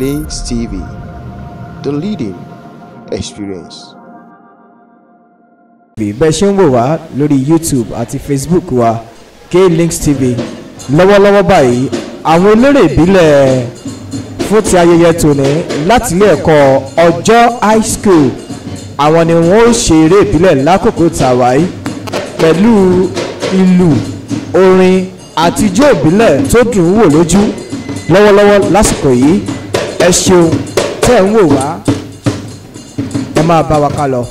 Links TV, the leading experience. bẹ́ẹ̀ ṣe ń wò wá lórí YouTube àti Facebook wa Links TV lọ́wọ́lọ́wọ́ báyìí àwọn eléré ìbílẹ̀ fún ti ayẹyẹ tòní láti ilé ẹ̀kọ́ ọjọ́ high school àwọn ni wọ́n ó ṣe eré ìbílẹ̀ lákòókò tàwáì pẹ̀lú ìlù orin àtijọ́ ìbílẹ̀ tó dùn ún wò lójú lọ́wọ́lọ́wọ́ lásìkò yìí ẹ ṣeun tẹ́ ń wò wá ẹ máa bá wa ká lọ.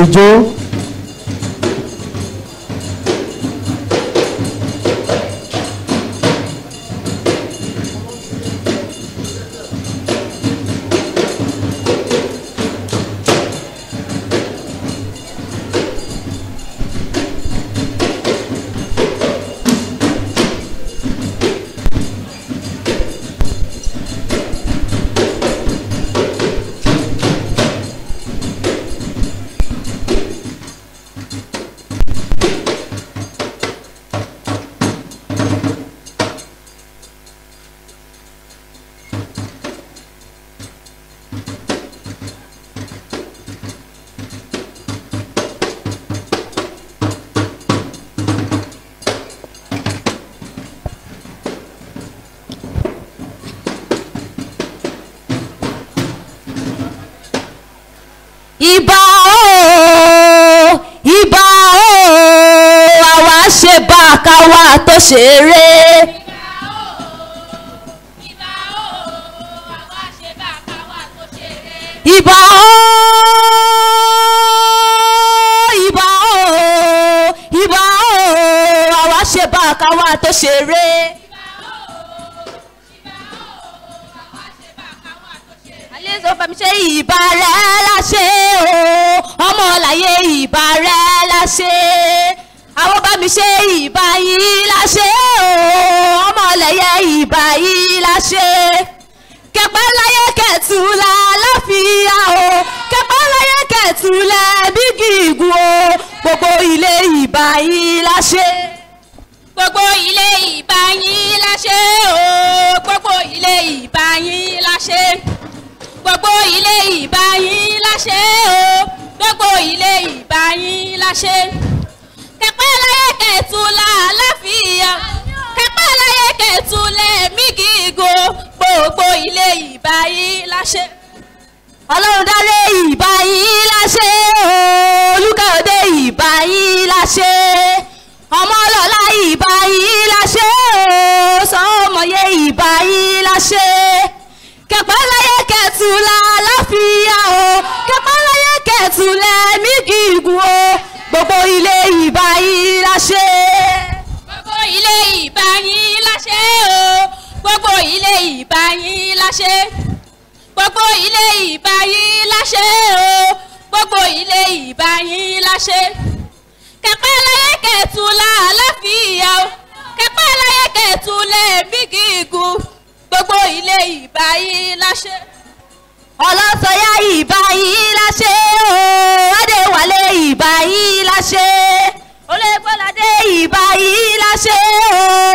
ìjó ìbà o ìbà o àwa ṣe bá a ká wá a tó ṣe eré. ìbà o ìbà o ìbà o àwa ṣe bá a ká wá a tó ṣe eré. fẹ́mi ṣe ìbàrẹ́ láṣẹ o ọmọ láyé ìbàrẹ́ láṣẹ àwọn bá mi ṣe ìbà yín láṣẹ o ọmọ lẹ́yẹ ìbà yín láṣẹ kẹpẹ́ láyé kẹtùlá láfíà o kẹpẹ́ láyé kẹtùlá bígì ìgùn o gbogbo ilé ìbà yín láṣẹ. gbogbo ilé ìbà yín láṣẹ o gbogbo ilé ìbà yín láṣẹ gbogbo ilé ìbá yín láṣẹ o gbogbo ilé ìbá yín láṣẹ. kẹpẹ́ láyé kẹ̀tù làlàáfíà kẹpẹ́ láyé kẹ̀tù lẹ́mí gígùn gbogbo ilé ìbá yín láṣẹ. ọlọ́run dáre ìbá yín láṣẹ o ṣe ìbá yín láṣẹ. kẹpẹ́ láyé kẹ̀tù làálàfíà o kẹpẹ́ láyé kẹ̀tù lẹ́ẹ̀mí gígùn gbogbo ilé ìbá yín láṣẹ. ọlọ́sọ̀yà ìbá yín láṣẹ o adéwálé ìbá láṣẹ olùgbọ́ládé ìbá láṣẹ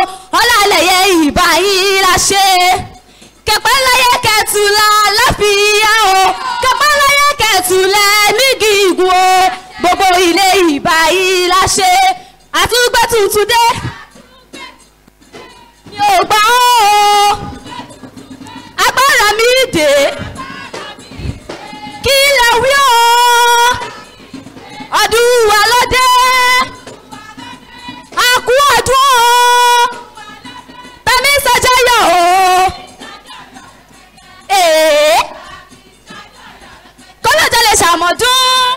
o ọlálẹ̀yẹ ìbá láṣẹ kẹpẹ́ láyé kẹtùlá láfíà o kẹpẹ́ láyé kẹtùlá ṣe àti wípé tuntun dé mi ò gbà ó agbára mi dé kí lè wí ó ọdún wa ló dé àkú ọdún ó tẹ̀mí ṣàjọyọ̀ ó èé kọ́lọ́jọ́ lè ṣàmọ̀dún.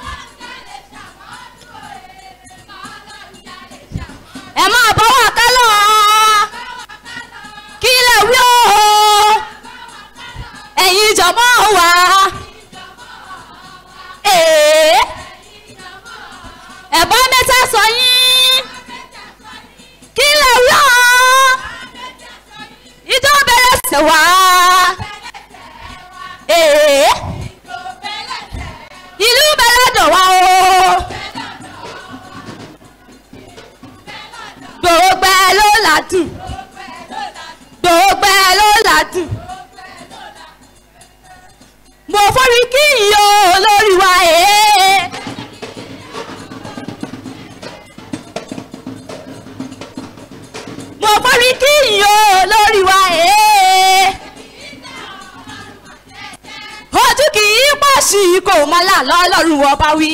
sí kò má là lọ́lọ́run ọba wí.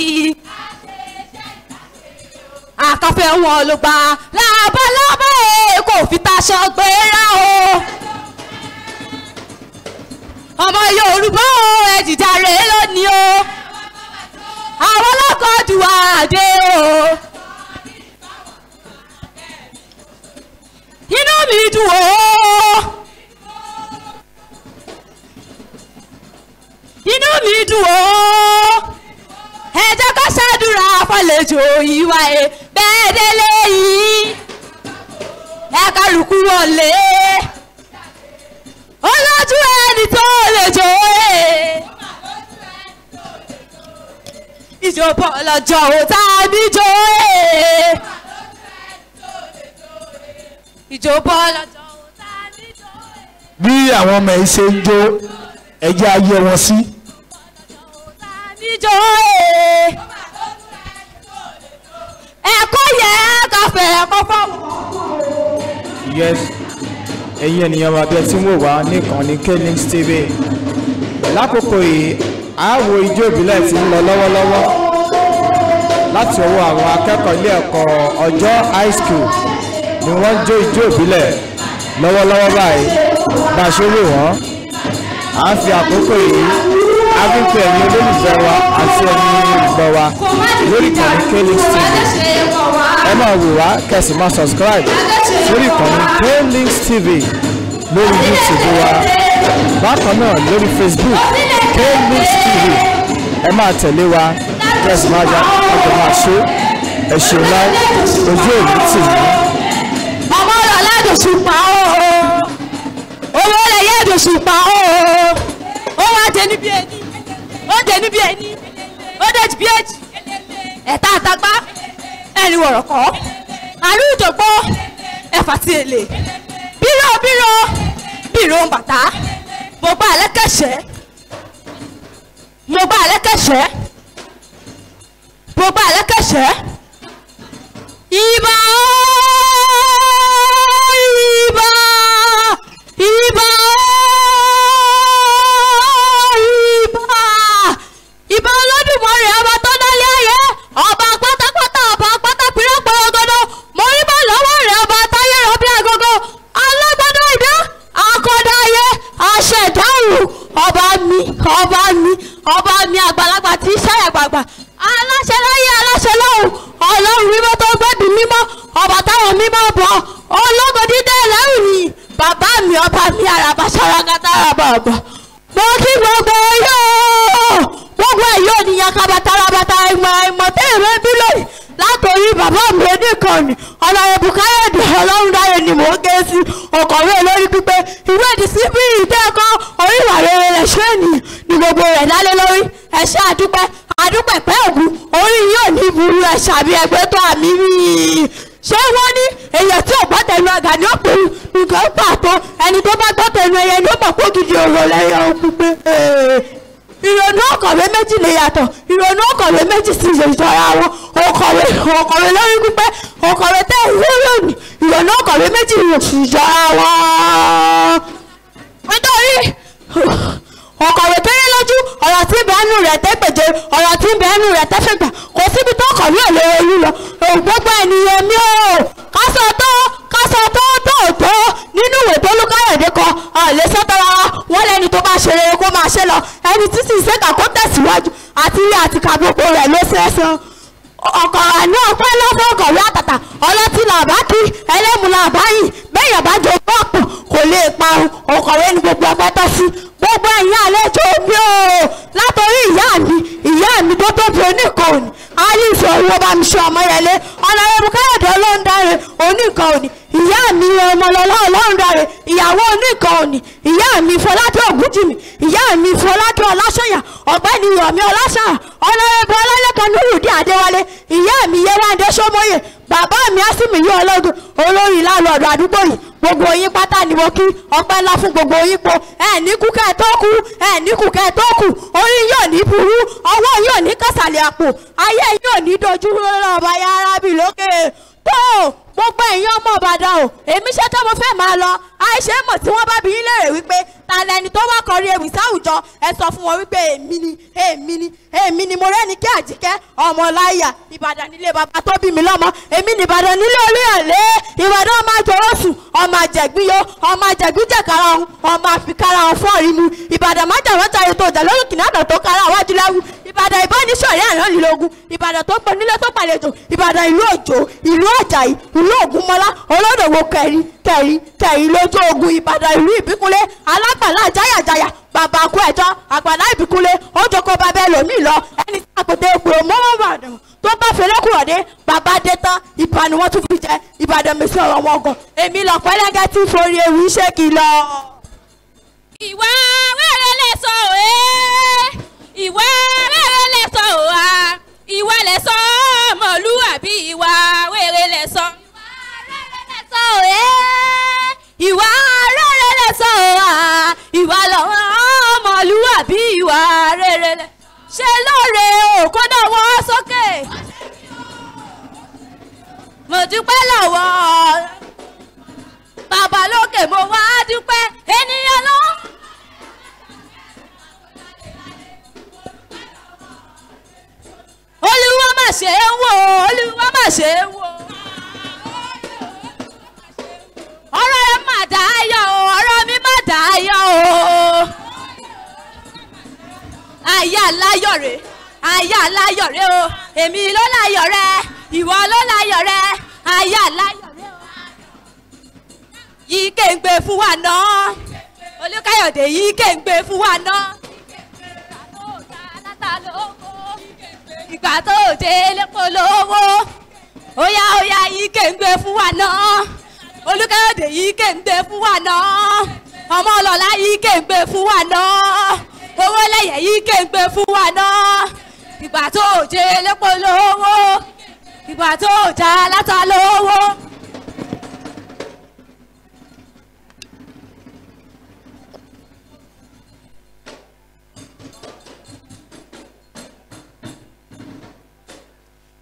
àkàfẹ́ wọn ló gbà lábalábá ẹ̀ e, kò fi taṣọ gbéra o. ọmọ Yorùbá o ẹ dìjàre lónìí o. àwọn ọlọ́kọ̀ọ́dù àdé o. inú mi dùn o. mi dùn ó ẹ jẹ́ ká ṣàdúrà fàlejò ìwà ẹ bẹ́ẹ̀ délé yìí ẹ kálukú wọlé olójú ẹni tó lè jò ẹ ìjọba ọlọ́jọ́ ò tá a bí jò ẹ ìjọba ọlọ́jọ́ ò tá a ẹ. bí àwọn ọmọ ẹ ṣe ń jó ẹjẹ́ ayé wọn sí. Si jíjó ee ẹ̀kọ́ yẹ káfẹ́ ẹ̀kọ́ yes ẹ̀yin ènìyàn wa bí ẹ ti ń wò wá nìkan ní Kaylinkz TV lákòókò yìí àáwò ijó ìbílẹ̀ ti ń lọ lọ́wọ́lọ́wọ́ láti ọwọ́ àwọn akẹ́kọ̀ọ́ ilé ẹ̀kọ́ ọjọ́ high school ni wọ́n ń jó ijó ìbílẹ̀ lọ́wọ́lọ́wọ́ báyìí bá a ṣe wò wọ́n à ń fi àkókò yìí akínkù ẹ̀yin olólùfẹ́ wa àti ẹ̀yin olùgbọ́ wa lórí ìkànnì Kaylinkz TV ẹ máa wò wá kẹsì máa subscribe lórí ìkànnì Kaylinkz TV lórí YouTube wa bákan náà lórí Facebook Kaylinkz TV ẹ máa tẹ̀lé wa kẹsì máa já ọjọ́ máa ṣe ẹ ṣeun láì ojú èmi tì yín. ọmọ rẹ̀ aládùsùn pa ọ́ owó rẹ̀ yẹ́ àdùsùn pa ọ́ ó wá tẹ níbi ẹni ọdẹ níbi ẹni ọdẹjì bí èjì ẹ̀ta àtagbá ẹ̀rin wọ̀rọ̀kọ́ àrùn ìdògbò ẹ̀fà ti èlè bírò bírò bírò ń bàtà mo gbá ẹlẹ́kẹ̀ṣẹ́ mo gbá ẹlẹ́kẹ̀ṣẹ́ mo gbá ẹlẹ́kẹ̀ṣẹ́ ìmọ̀ ọ́. mi ọba mi àràbà ṣàràkàtà àràbà ọ̀bọ̀ mo kí gbogbo yóò gbogbo ẹ̀yọ́ ènìyàn kàbàtàràbàtà ìmọ̀ ìmọ̀ tẹ́ ìwé bí lónìí látòrí bàbá mi oníkanni ọ̀nà ìbùkáyọ̀dé ọlọ́run dáyé ni mò ń ké sí ọ̀kọ̀wé lórí pípé ìwé ìdísí bí ìtẹ́kọ́ orí ìwà rere rẹ̀ ṣé ènìyàn ni gbogbo rẹ̀ dálé lórí ẹ̀ṣẹ́ àdúpẹ́ àdúpẹ́ pẹ́ ògùn orí yóò ní burú ẹ̀ṣà bí ẹgbẹ́ tó àmì rí i ṣé wọ́n ní èyàn tí ò kan pàtó ẹni tó bá tọ́tẹ̀ ẹnu ẹyẹ ló mọ̀ pé ọ̀rọ̀ lẹ́yìn ọ̀hún pé ìrònú ọ̀kọ̀wé méjì lè yàtọ̀ ìrònú ọ̀kọ̀wé méjì sì lè jọra wọn ọ̀kọ̀wé ọ̀kọ̀wé lórí pípẹ́ ọ̀kọ̀wé tẹ́ ìwé lónìí ìrònú ọ̀kọ̀wé méjì sì jọra wọn. nítorí ọ̀kọ̀wé tó yẹ lójú ọ̀rọ̀ tí ń bẹ ẹnu rẹ̀ tẹ́ gbèjè ọ̀rọ̀ tí ń bẹ ẹnu rẹ̀ tẹ́ fẹ́gbà kò síbi tó ọ̀kọ̀wé ò lè rí lọ ògbógbó ènìyàn mi ò lọ́lọ́run dáre oníkan òní ìyá mi ọmọ lọ́lọ́run dáre ìyàwó oníkan òní ìyá mi fọlátọ́ ògúnjìmí ìyá mi fọlátọ́ ọlásọ̀yà ọ̀gbẹ́ni yọ̀mí ọlásàyà ọlọ́rẹ́bù ọlọ́lẹ́kan nurudi adéwálé ìyá mi yẹ́wándé sọ́mọ́yè bàbá mi ásìmìyí ọlọ́gun olórí ìlànà ọ̀dọ̀ àdúgbò yìí gbogbo yín pátá ni mo kí ọpẹ́ ńlá fún gbogbo yín po ẹ ní kú kẹ́ ẹ tó kú ẹ ní kú kẹ́ ẹ tó kú orí yóò ní burú ọwọ́ yóò ní kásálẹ̀ àpò ayé yóò ní dojú rọrọ̀ ọba yàrá lókè. O, gbogbo ẹ̀yin ọmọ Ìbàdàn o èmi ṣe tó mo fẹ́ máa lọ àìṣe mọ̀ tí wọ́n bá bi yín léèrè wípé ta lẹni tó wá kọrí ewì sáwùjọ ẹ sọ fún wọn wípé èmi ni èmi ni èmi ni mo rẹ́ni kí àjíkẹ́ ọmọ láyà Ìbàdàn nílé bàbá tó bí mi lọ́mọ èmi ni Ìbàdàn nílé Olúyọ̀lé Ìbàdàn ọmọ àjọrọ̀sùn ọmọ àjẹ̀gbíyó ọmọ àjẹ̀gbíjẹ̀kára ọ̀hún ọmọ àfikára ọ̀fọ́ rí mu Ìbàdàn májàrọ̀ tayò tó jà lórí kìnàdàn tó kára àwájú láwù ìbàdàn ìbánisọ̀rẹ́ àránilógún ìbàdàn tó pọ̀ nílé tó pàlejò ìbàdàn ìlú òjò ìlú ọ̀jàyí ìlú ògúnmọ́lá olódòwò kẹrin kẹrin kẹrin lójú ogun ìbàdàn ìlú ìbíkúnlé alágbàlá jáyàjáyà bàbá kú ẹjọ́ àgbàlá ìbíkúnlé ó jókòó babẹ́ lòmí lọ ẹni tí àpòtẹ́ egbò mọ́wọ́ bàdàn tó bá fẹ́lẹ́ kúrò dé bàbá dé tán ìbànú wọn tún fi jẹ ìbàdàn mi sí ọ̀rọ̀ wọn gan èmi lọ pẹ́lẹ́gẹ́ tí forí ewì ṣé kìlọ̀. ìwà wẹ́rẹ́ lè sọ òye ìwà wèrè lẹ́sọ̀ o wa ìwà lẹ́sọ̀ ọmọlúwàbí ìwà wèrè lẹ́sọ̀. ìwà rere lẹ́sọ̀ o wa ìwà lọ́wọ́ ọmọlúwàbí ìwà rere lẹ́sọ̀ ṣe lóore òkú náà wọ́n sókè. mo dúpẹ́ lọ́wọ́ bàbá lókè mo wá dúpẹ́ ènìyàn lọ́wọ́. ṣe é wò olúwa má ṣe é wò. ọ̀rọ̀ rẹ má dá ayọ̀ o ọ̀rọ̀ mi má dá ayọ̀ o. àyà láyọ̀ rẹ̀ àyà láyọ̀ rẹ̀ o èmi ló láyọ̀ rẹ̀ ìwọ ló láyọ̀ rẹ̀ àyà láyọ̀ rẹ̀ o. yìí kéǹgbé fún wa náà olùkàyọ̀dé yìí kéǹgbé fún wa náà. ìgbà tó dé lépo lówó óyá óyá yìí kéńgbé fún wa náà olùkẹ́yọ̀dé yìí kéńgbé fún wa náà ọmọ ọlọ́lá yìí kéńgbé fún wa náà owó lẹ́yẹ yìí kéńgbé fún wa náà ìgbà tó dé lépo ìgbà tó dá látà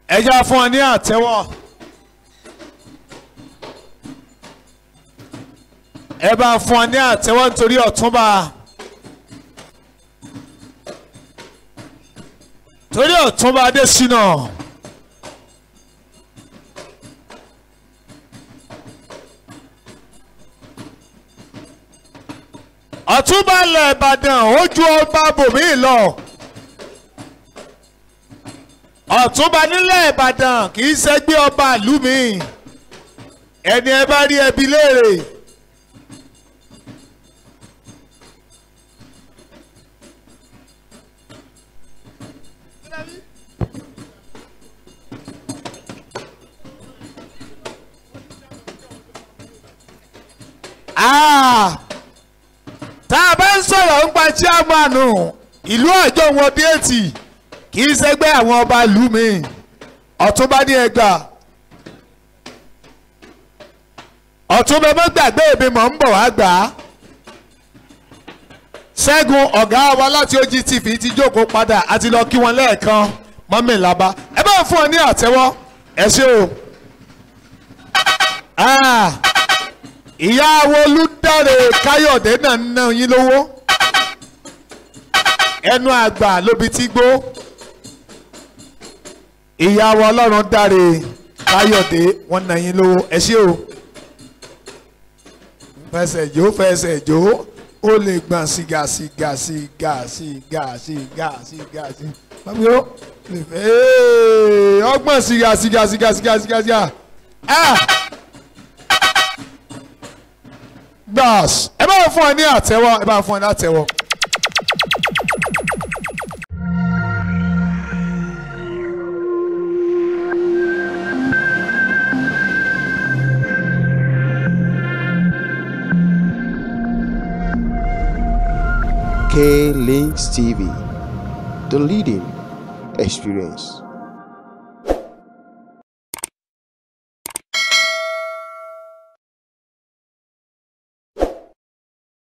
ẹ já fún ọ ní àtẹ́wọ́ ẹ bá fún ọ ní àtẹ́wọ́ nítorí ọ̀túnba torí ọ̀túnba adésínà. ọ̀túnba ilẹ̀ ìbàdàn ó ọba bòmí lọ ọ̀túnba nílẹ̀ ìbàdàn kì í ṣẹgbẹ́ ọba ìlú mi ẹni ẹ bá rí ẹbí léèrè. tá a bá ń sọ̀rọ̀ ń pa chairman ìlú ọ̀jọ̀ wọn bí ètì kì í ṣẹgbẹ́ àwọn ọba ìlú mi ọ̀túnba ní ẹgbà ọ̀túnba mọ́ gbàgbé èmi mọ̀ ń bọ̀ wá gbà á ṣẹ́gun ọ̀gá wa láti OGTV ti jókòó padà àti lọ kí wọn lẹ́ẹ̀kan mọ́mí làbá ẹ bá fún ọ ní àtẹ́wọ́ ẹ ṣé o ah, ìyá wo olùdarí káyọ̀dé náà ń ná yín lówó ẹnu àgbà lóbi tí gbó ìyàwó ọlọ́run dáre káyọ̀dé wọ́n nà yín lówó ẹ ṣé o fẹsẹ̀ jó fẹsẹ̀ jó ó lè gbọ̀n sìgá sìgá sìgá sìgá sìgá sìgá sìgá bàbá yóò lè fẹ́ ọgbọ̀n sìgá sìgá sìgá sìgá sìgá sìgá gbàs ẹ bá fún ọ ní àtẹ́wọ́ ẹ bá fún ọ ní àtẹ́wọ́. K Links TV, the leading experience.